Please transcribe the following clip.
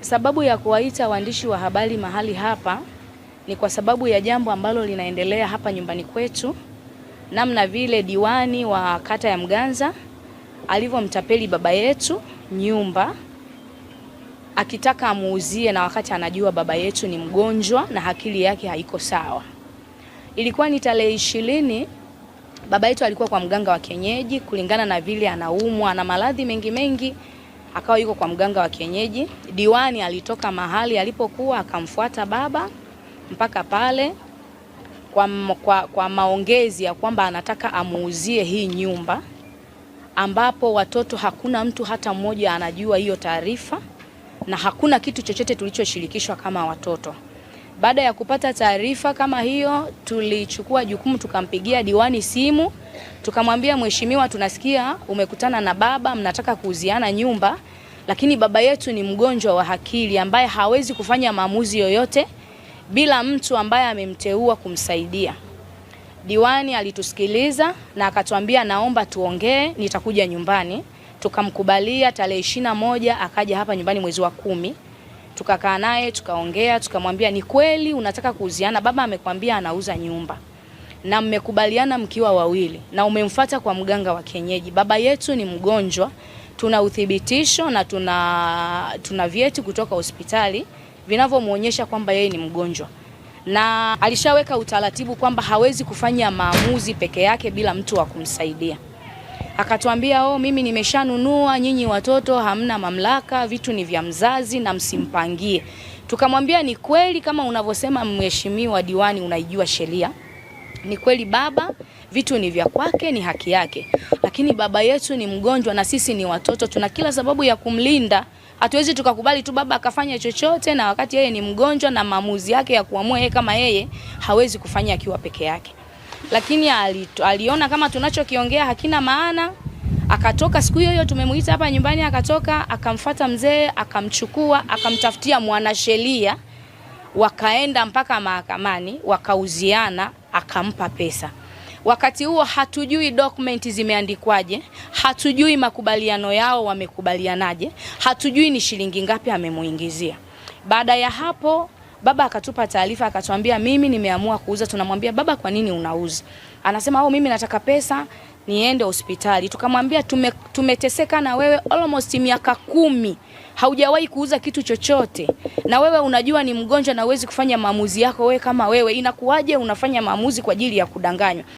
Sababu ya kuwaita waandishi wa habari mahali hapa ni kwa sababu ya jambo ambalo linaendelea hapa nyumbani kwetu, namna vile diwani wa kata ya Mganza alivyomtapeli baba yetu nyumba akitaka amuuzie, na wakati anajua baba yetu ni mgonjwa na akili yake haiko sawa. Ilikuwa ni tarehe ishirini, baba yetu alikuwa kwa mganga wa kienyeji kulingana na vile anaumwa na maradhi mengi mengi akawa yuko kwa mganga wa kienyeji. Diwani alitoka mahali alipokuwa akamfuata baba mpaka pale kwa, kwa, kwa maongezi ya kwamba anataka amuuzie hii nyumba, ambapo watoto hakuna mtu hata mmoja anajua hiyo taarifa na hakuna kitu chochote tulichoshirikishwa kama watoto. Baada ya kupata taarifa kama hiyo, tulichukua jukumu tukampigia diwani simu tukamwambia, mheshimiwa, tunasikia umekutana na baba, mnataka kuuziana nyumba lakini baba yetu ni mgonjwa wa akili ambaye hawezi kufanya maamuzi yoyote bila mtu ambaye amemteua kumsaidia. Diwani alitusikiliza na akatuambia, naomba tuongee, nitakuja nyumbani. Tukamkubalia tarehe ishirini na moja akaja hapa nyumbani mwezi wa kumi, tukakaa naye tukaongea, tukamwambia ni kweli unataka kuuziana, baba amekwambia anauza nyumba na mmekubaliana mkiwa wawili na umemfuata kwa mganga wa kienyeji. Baba yetu ni mgonjwa tuna uthibitisho na tuna, tuna vyeti kutoka hospitali vinavyomwonyesha kwamba yeye ni mgonjwa, na alishaweka utaratibu kwamba hawezi kufanya maamuzi peke yake bila mtu wa kumsaidia. Akatuambia oh, mimi nimeshanunua, nyinyi watoto hamna mamlaka, vitu ni vya mzazi na msimpangie. Tukamwambia ni kweli kama unavyosema mheshimiwa diwani, unaijua sheria ni kweli baba, vitu ni vya kwake, ni haki yake, lakini baba yetu ni mgonjwa na sisi ni watoto, tuna kila sababu ya kumlinda. Hatuwezi tukakubali tu baba akafanya chochote, na wakati yeye ni mgonjwa na maamuzi yake ya kuamua yeye kama yeye hawezi kufanya akiwa peke yake. Lakini aliona kama tunachokiongea hakina maana, akatoka siku hiyo hiyo tumemuita hapa nyumbani, akatoka akamfata mzee, akamchukua, akamtafutia mwanasheria, wakaenda mpaka mahakamani, wakauziana akampa pesa. Wakati huo hatujui document zimeandikwaje, hatujui makubaliano yao wamekubalianaje, hatujui ni shilingi ngapi amemuingizia. Baada ya hapo Baba akatupa taarifa akatuambia, mimi nimeamua kuuza. Tunamwambia baba, kwa nini unauza? Anasema oh, mimi nataka pesa niende hospitali. Tukamwambia tume, tumeteseka na wewe almost miaka kumi haujawahi kuuza kitu chochote, na wewe unajua ni mgonjwa na uwezi kufanya maamuzi yako wewe. Kama wewe inakuwaje unafanya maamuzi kwa ajili ya kudanganywa?